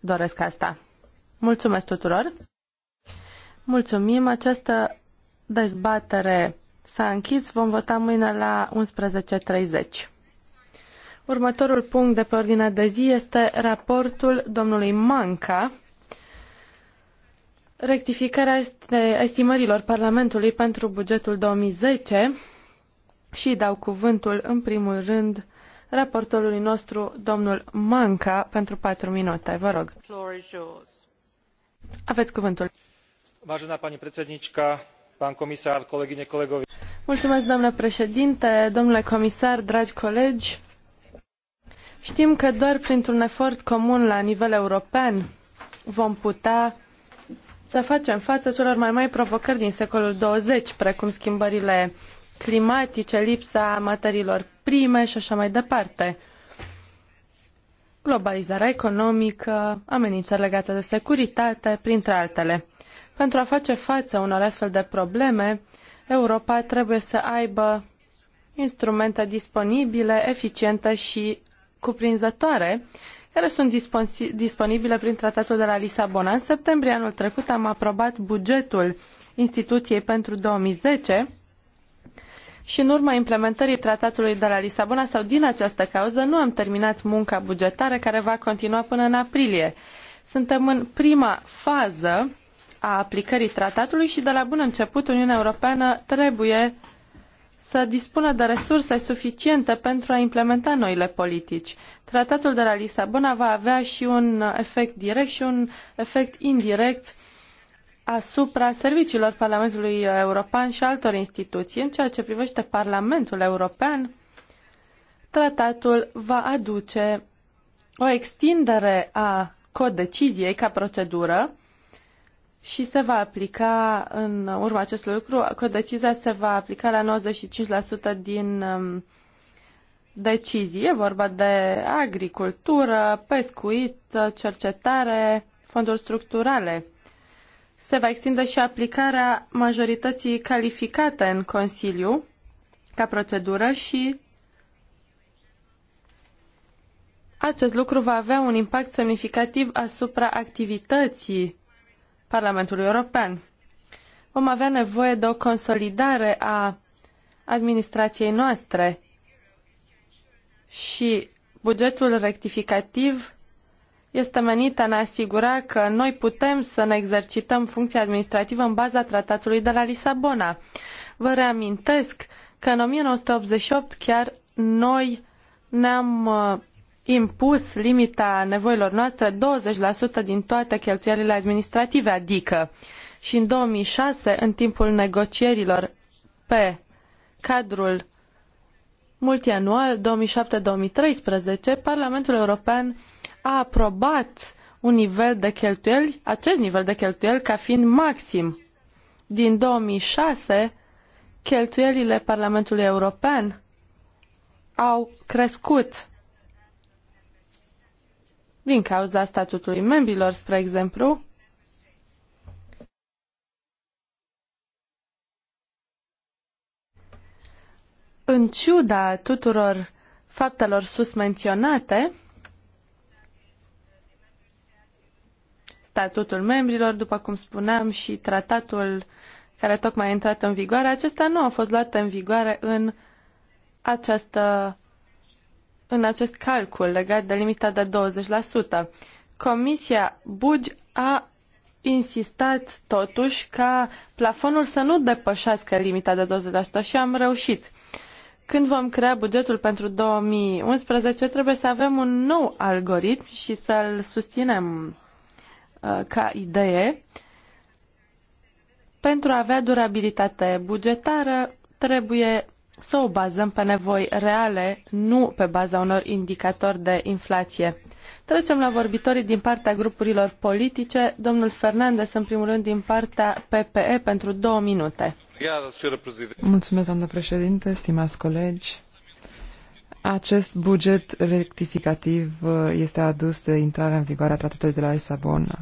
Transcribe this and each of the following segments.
doresc asta. Mulțumesc tuturor! Mulțumim! Această dezbatere s-a închis. Vom vota mâine la 11.30. Următorul punct de pe ordinea de zi este raportul domnului Manca, rectificarea estimărilor Parlamentului pentru bugetul 2010 și dau cuvântul în primul rând raportorului nostru, domnul Manca, pentru patru minute. Vă rog. Aveți cuvântul. Vážená pani predsednička, pán komisár, kolegyne, kolegovi. Mulțumesc, domnule președinte, domnule comisar, dragi colegi. Știm că doar printr-un efort comun la nivel european vom putea să facem față celor mai mari provocări din secolul 20, precum schimbările climatice, lipsa materiilor prime și așa mai departe. Globalizarea economică, amenințări legate de securitate, printre altele. Pentru a face față unor astfel de probleme, Europa trebuie să aibă instrumente disponibile, eficiente și cuprinzătoare, care sunt disponibile prin tratatul de la Lisabona. În septembrie anul trecut am aprobat bugetul instituției pentru 2010 și în urma implementării tratatului de la Lisabona sau din această cauză nu am terminat munca bugetară care va continua până în aprilie. Suntem în prima fază a aplicării tratatului și de la bun început Uniunea Europeană trebuie să dispună de resurse suficiente pentru a implementa noile politici. Tratatul de la Lisabona va avea și un efect direct și un efect indirect asupra serviciilor Parlamentului European și altor instituții. În ceea ce privește Parlamentul European, tratatul va aduce o extindere a codeciziei ca procedură și se va aplica în urma acestui lucru, codecizia se va aplica la 95% din um, decizii. E vorba de agricultură, pescuit, cercetare, fonduri structurale se va extinde și aplicarea majorității calificate în Consiliu ca procedură și acest lucru va avea un impact semnificativ asupra activității Parlamentului European. Vom avea nevoie de o consolidare a administrației noastre și bugetul rectificativ este menită în a asigura că noi putem să ne exercităm funcția administrativă în baza tratatului de la Lisabona. Vă reamintesc că în 1988 chiar noi ne-am uh, impus limita nevoilor noastre 20% din toate cheltuielile administrative, adică și în 2006, în timpul negocierilor pe cadrul multianual 2007-2013, Parlamentul European a aprobat un nivel de cheltuieli, acest nivel de cheltuieli ca fiind maxim. Din 2006, cheltuielile Parlamentului European au crescut din cauza statutului membrilor, spre exemplu, În ciuda tuturor faptelor sus menționate, statutul membrilor, după cum spuneam, și tratatul care tocmai a intrat în vigoare, acestea nu au fost luate în vigoare în, această, în acest calcul legat de limita de 20%. Comisia Bugi a insistat totuși ca plafonul să nu depășească limita de 20% și am reușit când vom crea bugetul pentru 2011, trebuie să avem un nou algoritm și să-l susținem uh, ca idee. Pentru a avea durabilitate bugetară, trebuie să o bazăm pe nevoi reale, nu pe baza unor indicatori de inflație. Trecem la vorbitorii din partea grupurilor politice. Domnul Fernandez, în primul rând, din partea PPE, pentru două minute președinte, colegi. Acest buget rectificativ uh, este adus de intrarea în vigoare a tratatului de la Lisabona,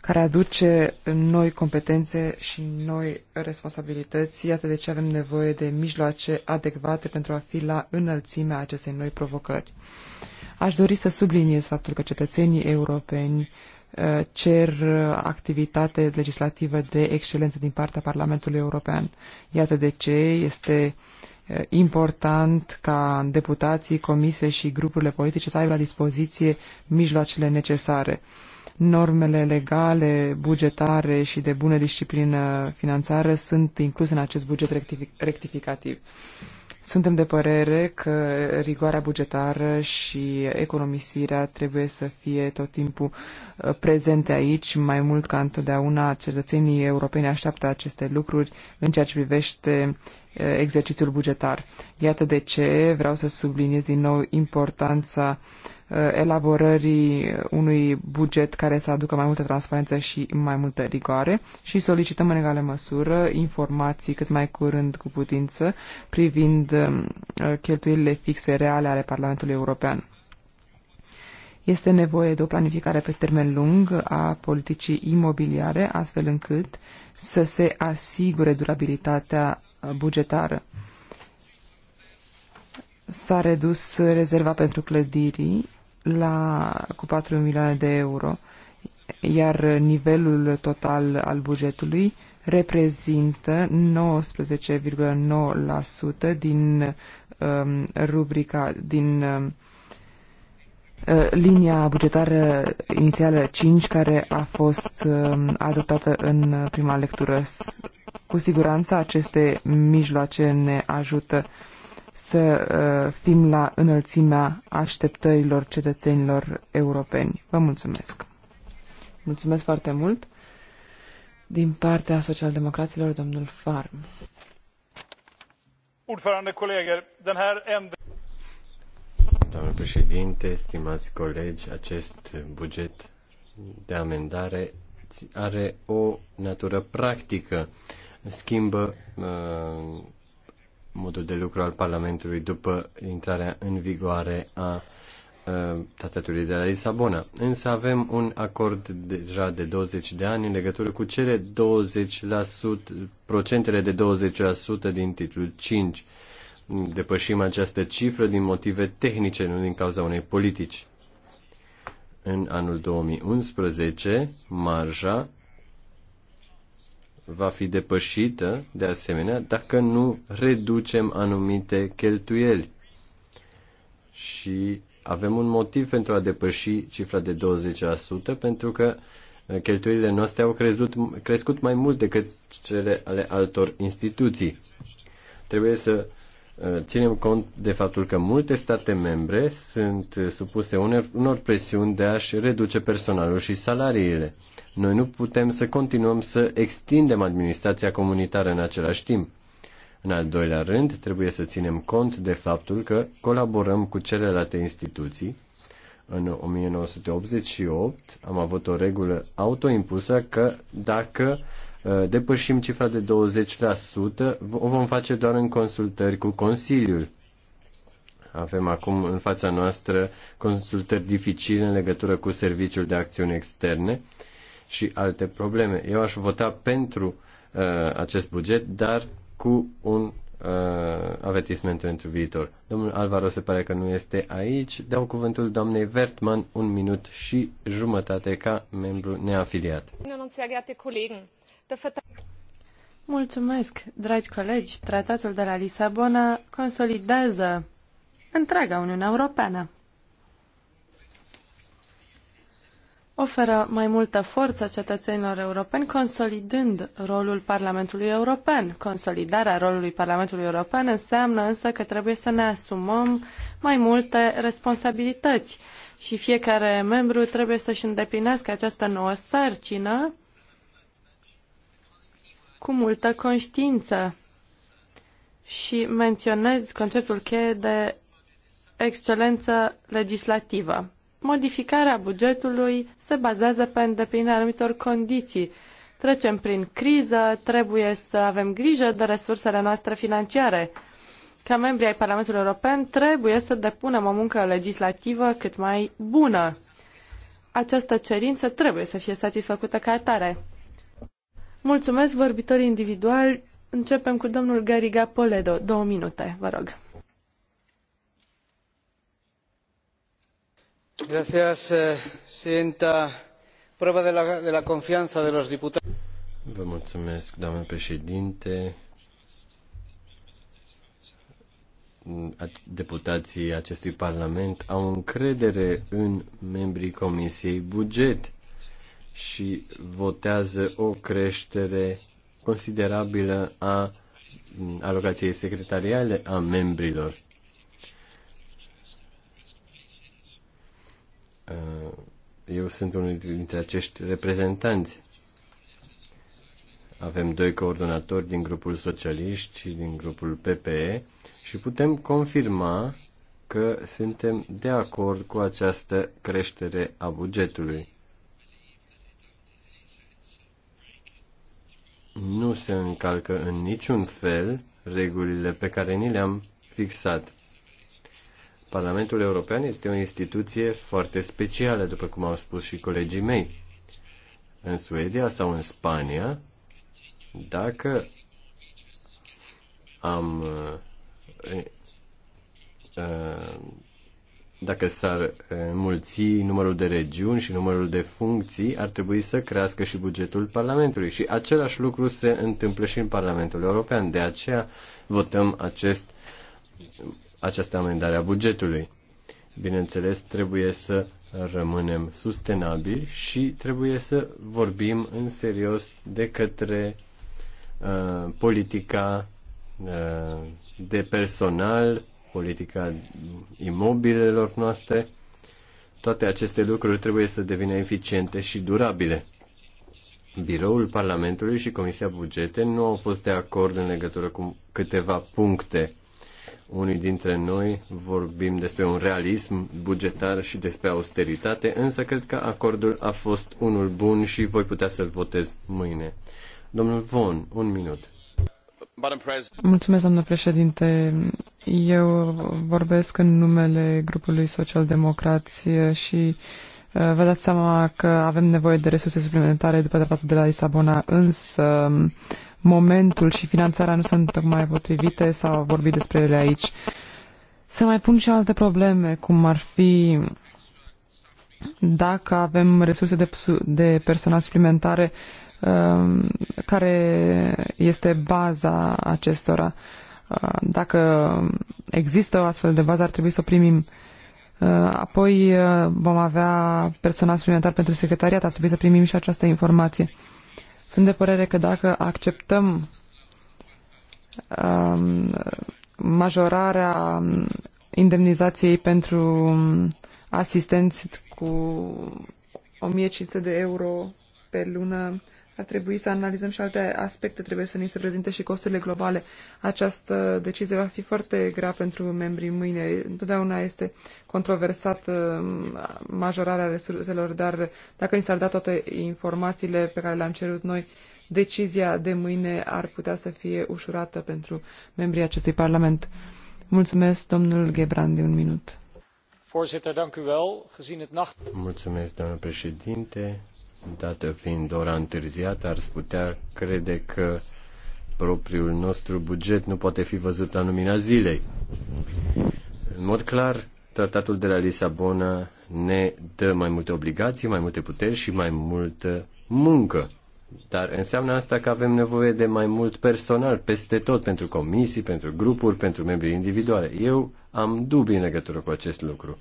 care aduce noi competențe și noi responsabilități. Iată de ce avem nevoie de mijloace adecvate pentru a fi la înălțimea acestei noi provocări. Aș dori să subliniez faptul că cetățenii europeni Uh, cer uh, activitate legislativă de excelență din partea Parlamentului European. Iată de ce este uh, important ca deputații, comise și grupurile politice să aibă la dispoziție mijloacele necesare. Normele legale, bugetare și de bună disciplină financiară sunt incluse în acest buget rectific rectificativ. Suntem de părere că rigoarea bugetară și economisirea trebuie să fie tot timpul uh, prezente aici, mai mult ca întotdeauna cetățenii europeni așteaptă aceste lucruri în ceea ce privește exercițiul bugetar. Iată de ce vreau să subliniez din nou importanța uh, elaborării unui buget care să aducă mai multă transparență și mai multă rigoare și solicităm în egală măsură informații cât mai curând cu putință privind um, cheltuielile fixe reale ale Parlamentului European. Este nevoie de o planificare pe termen lung a politicii imobiliare, astfel încât să se asigure durabilitatea bugetară. S-a redus rezerva pentru clădiri la, cu 4 milioane de euro, iar nivelul total al bugetului reprezintă 19,9% din um, rubrica, din um, Eh, linia bugetară inițială 5 care a fost ehm, adoptată în prima lectură. Cu siguranță aceste mijloace ne ajută să eh, fim la înălțimea așteptărilor cetățenilor europeni. Vă mulțumesc! Mulțumesc foarte mult! Din partea socialdemocraților, domnul Farm. Ordförande, kolleger, den här doamnă președinte, stimați colegi, acest buget de amendare are o natură practică. Schimbă uh, modul de lucru al Parlamentului după intrarea în vigoare a uh, tratatului de la Lisabona. Însă avem un acord deja de 20 de ani în legătură cu cele 20%, procentele de 20% din titlul 5. Uh, depășim această cifră din motive tehnice, nu din cauza unei politici. În anul 2011, marja va fi depășită, de asemenea, dacă nu reducem anumite cheltuieli. Și avem un motiv pentru a depăși cifra de 20%, pentru că uh, cheltuielile noastre au crezut, crescut mai mult decât cele ale altor instituții. Trebuie să Eh, ținem cont de faptul că multe state membre sunt eh, supuse unor, unor presiuni de a-și reduce personalul și salariile. Noi nu putem să continuăm să extindem administrația comunitară în același timp. În al doilea rând, trebuie să ținem cont de faptul că colaborăm cu celelalte instituții. În 1988 am avut o regulă autoimpusă că dacă uh, Uh, depășim cifra de 20%, o vom face doar în consultări cu Consiliul. Avem acum în fața noastră consultări dificile în legătură cu Serviciul de Acțiuni Externe și alte probleme. Eu aș vota pentru uh, acest buget, dar cu un uh, avertisment pentru viitor. Domnul Alvaro se pare că nu este aici. Dau cuvântul doamnei Vertman un minut și jumătate ca membru neafiliat. Mulțumesc, dragi colegi. Tratatul de la Lisabona consolidează întreaga Uniune Europeană. Oferă mai multă forță cetățenilor europeni, consolidând rolul Parlamentului European. Consolidarea rolului Parlamentului European înseamnă însă că trebuie să ne asumăm mai multe responsabilități și fiecare membru trebuie să-și îndeplinească această nouă sarcină cu multă conștiință și menționez conceptul cheie de excelență legislativă. Modificarea bugetului se bazează pe îndeplinirea anumitor condiții. Trecem prin criză, trebuie să avem grijă de resursele noastre financiare. Ca membri ai Parlamentului European trebuie să depunem o muncă legislativă cât mai bună. Această cerință trebuie să fie satisfăcută ca atare. Mulțumesc, vorbitorii individuali. Începem cu domnul Gariga Poledo. Două minute, vă rog. Gracias, eh, presidenta. Prueba de la, de la confianza de los diputados. Vă mulțumesc, doamnă președinte. Deputații acestui parlament au încredere în membrii Comisiei Buget și votează o creștere considerabilă a alocației secretariale a membrilor. Uh, eu sunt unul dintre acești reprezentanți. Avem doi coordonatori din grupul socialiști și din grupul PPE și putem confirma că suntem de acord cu această creștere a bugetului. nu se încalcă în niciun fel regulile pe care ni le-am fixat. Parlamentul European este o instituție foarte specială, după cum au spus și colegii mei. În Suedia sau în Spania, dacă am uh, uh, dacă s-ar mulți numărul de regiuni și numărul de funcții, ar trebui să crească și bugetul Parlamentului. Și același lucru se întâmplă și în Parlamentul European. De aceea votăm acest, această amendare a bugetului. Bineînțeles, trebuie să rămânem sustenabili și trebuie să vorbim în serios de către uh, politica uh, de personal politica imobilelor noastre. Toate aceste lucruri trebuie să devină eficiente și durabile. Biroul Parlamentului și Comisia Bugete nu au fost de acord în legătură cu câteva puncte. Unii dintre noi vorbim despre un realism bugetar și despre austeritate, însă cred că acordul a fost unul bun și voi putea să-l votez mâine. Domnul Von, un minut. Mulțumesc, doamnă președinte. Eu vorbesc în numele grupului Social-Democrație și uh, vă dați seama că avem nevoie de resurse suplimentare după tratatul de la Lisabona, însă um, momentul și finanțarea nu sunt tocmai potrivite, sau au vorbit despre ele aici. Să mai pun și alte probleme, cum ar fi dacă avem resurse de, de personal suplimentare, um, care este baza acestora. Uh, dacă există o astfel de bază, ar trebui să o primim. Uh, apoi uh, vom avea personal suplimentar pentru secretariat, ar trebui să primim și această informație. Sunt de părere că dacă acceptăm um, majorarea indemnizației pentru asistenți cu 1500 de euro pe lună ar trebui să analizăm și alte aspecte. Trebuie să ni se prezinte și costurile globale. Această decizie va fi foarte grea pentru membrii mâine. Întotdeauna este controversat uh, majorarea resurselor, dar dacă ni s-ar da toate informațiile pe care le-am cerut noi, decizia de mâine ar putea să fie ușurată pentru membrii acestui Parlament. Mulțumesc, domnul Gebrandi, un minut. Mulțumesc, domnule președinte. Dată fiind ora întârziată, ar putea crede că propriul nostru buget nu poate fi văzut la lumina zilei. În mod clar, tratatul de la Lisabona ne dă mai multe obligații, mai multe puteri și mai multă muncă. Dar înseamnă asta că avem nevoie de mai mult personal peste tot, pentru comisii, pentru grupuri, pentru membrii individuale. Eu am dubii în legătură cu acest lucru.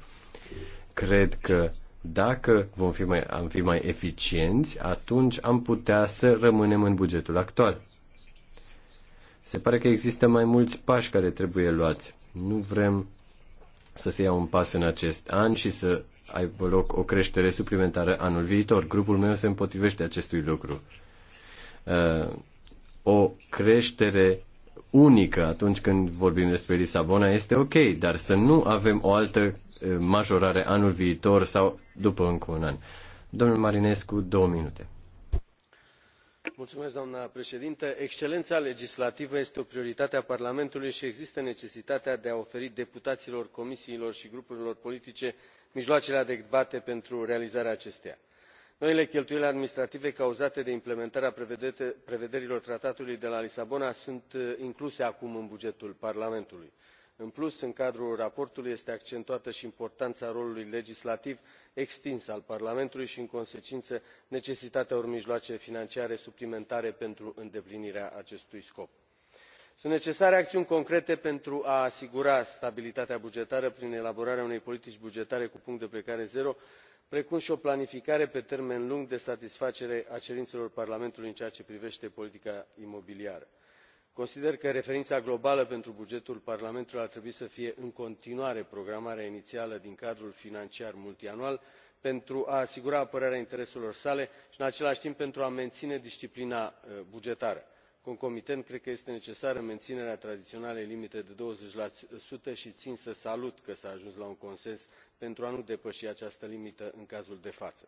Cred că dacă vom fi mai, am fi mai eficienți, atunci am putea să rămânem în bugetul actual. Se pare că există mai mulți pași care trebuie luați. Nu vrem să se ia un pas în acest an și să aibă loc o creștere suplimentară anul viitor. Grupul meu se împotrivește acestui lucru. Uh, o creștere unică atunci când vorbim despre Lisabona este ok, dar să nu avem o altă uh, majorare anul viitor sau după încă un an. Domnul Marinescu, două minute doamnă președintă excelența legislativă este o prioritate a parlamentului și există necesitatea de a oferi deputaților comisiilor și grupurilor politice mijloacele adecvate pentru realizarea acesteia. noile cheltuieli administrative cauzate de implementarea prevederilor tratatului de la lisabona sunt uh, incluse acum în bugetul parlamentului în plus în cadrul raportului este accentuată și importanța rolului legislativ extins al parlamentului și în consecință necesitatea unor mijloace financiare suplimentare pentru îndeplinirea acestui scop. sunt necesare acțiuni concrete pentru a asigura stabilitatea bugetară prin elaborarea unei politici bugetare cu punct de plecare zero precum și o planificare pe termen lung de satisfacere a cerințelor parlamentului în ceea ce privește politica imobiliară consider că referința globală pentru bugetul parlamentului ar trebui să fie în continuare programarea inițială din cadrul financiar multianual pentru a asigura apărarea intereselor sale și în același timp pentru a menține disciplina uh, bugetară. concomitent cred că este necesară menținerea tradiționalei limite de douăzeci și țin să salut că s a ajuns la un consens pentru a nu depăși această limită în cazul de față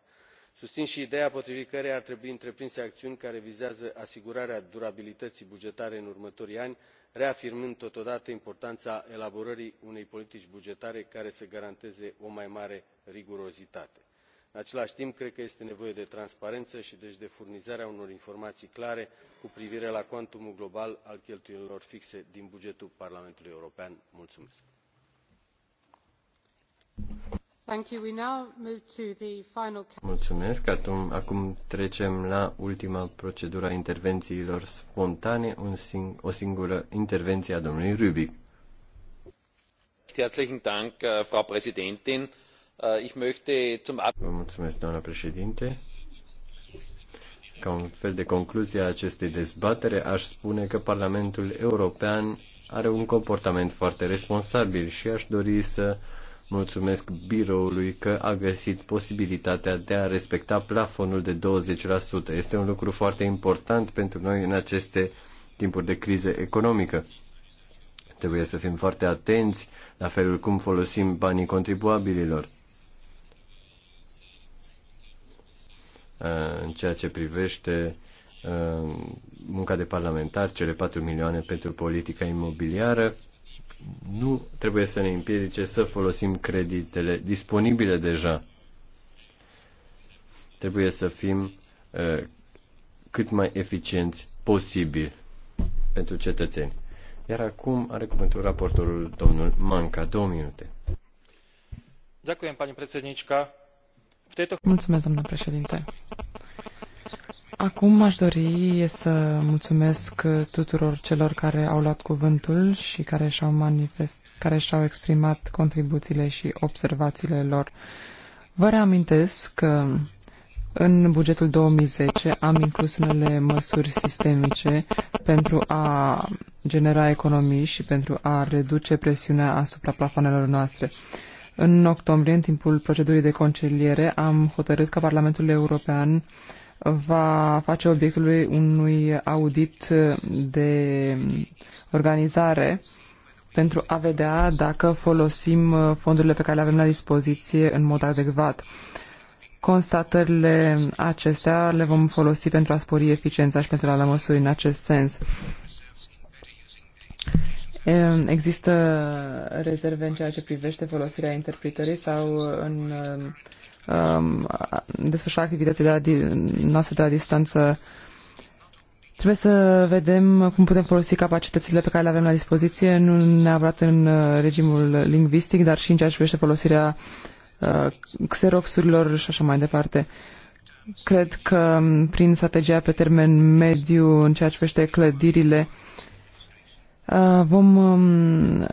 susțin și ideea potrivit căreia ar trebui întreprinse acțiuni care vizează asigurarea durabilității bugetare în următorii ani reafirmând totodată importanța elaborării unei politici bugetare care să garanteze o mai mare rigurozitate. în același timp cred că este nevoie de transparență și deci de furnizarea unor informații clare cu privire la cuantumul global al cheltuielilor fixe din bugetul parlamentului european. mulțumesc. Mulțumesc. acum trecem la ultima procedură a intervențiilor spontane, un sing- o singură intervenție a domnului Rübig. Herzlichen Dank, äh, Frau Präsidentin. Äh, ich möchte zum Vă mulțumesc, doamna președinte. Ca un fel de concluzie a acestei dezbatere, aș spune că Parlamentul European are un comportament foarte responsabil și aș dori să Mulțumesc biroului că a găsit posibilitatea de a respecta plafonul de 20%. Este un lucru foarte important pentru noi în aceste timpuri de criză economică. Trebuie să fim foarte atenți la felul cum folosim banii contribuabililor. Uh, în ceea ce privește uh, munca de parlamentar, cele 4 milioane pentru politica imobiliară, nu trebuie să ne împiedice să folosim creditele disponibile deja. Trebuie să fim uh, cât mai eficienți posibil pentru cetățeni. Iar acum are cuvântul raportorul domnul Manca. Două minute. Mulțumesc, domnule președinte. Acum aș dori să mulțumesc tuturor celor care au luat cuvântul și care și-au manifest, care și-au exprimat contribuțiile și observațiile lor. Vă reamintesc că în bugetul 2010 am inclus unele măsuri sistemice pentru a genera economii și pentru a reduce presiunea asupra plafonelor noastre. În octombrie, în timpul procedurii de conciliere, am hotărât ca Parlamentul European va face obiectul unui audit de organizare pentru a vedea dacă folosim fondurile pe care le avem la dispoziție în mod adecvat. Constatările acestea le vom folosi pentru a spori eficiența și pentru a lua măsuri în acest sens. Există rezerve în ceea ce privește folosirea interpretării sau în Um, desfășura activitățile de la, noastre de la distanță Trebuie să vedem cum putem folosi capacitățile pe care le avem la dispoziție, nu neapărat în uh, regimul lingvistic, dar și în ceea ce privește folosirea uh, xeroxurilor și așa mai departe. Cred că um, prin strategia pe termen mediu, în ceea ce privește clădirile, Uh, vom um, uh,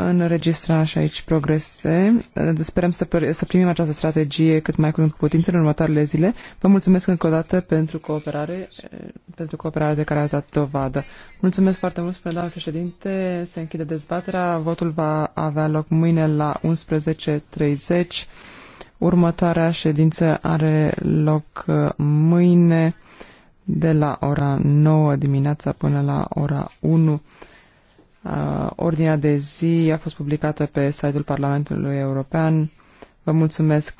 înregistra și aici progrese. Uh, sperăm să, să primim această strategie cât mai curând cu putință în următoarele zile. Vă mulțumesc încă o dată pentru cooperare, pentru cooperarea de care ați dat dovadă. Mulțumesc foarte mult, spune doamna președinte. Se închide dezbaterea. Votul va avea loc mâine la 11.30. Următoarea ședință are loc mâine de la ora 9 dimineața până la ora 1. Uh, ordinea de zi a fost publicată pe site-ul Parlamentului European. Vă mulțumesc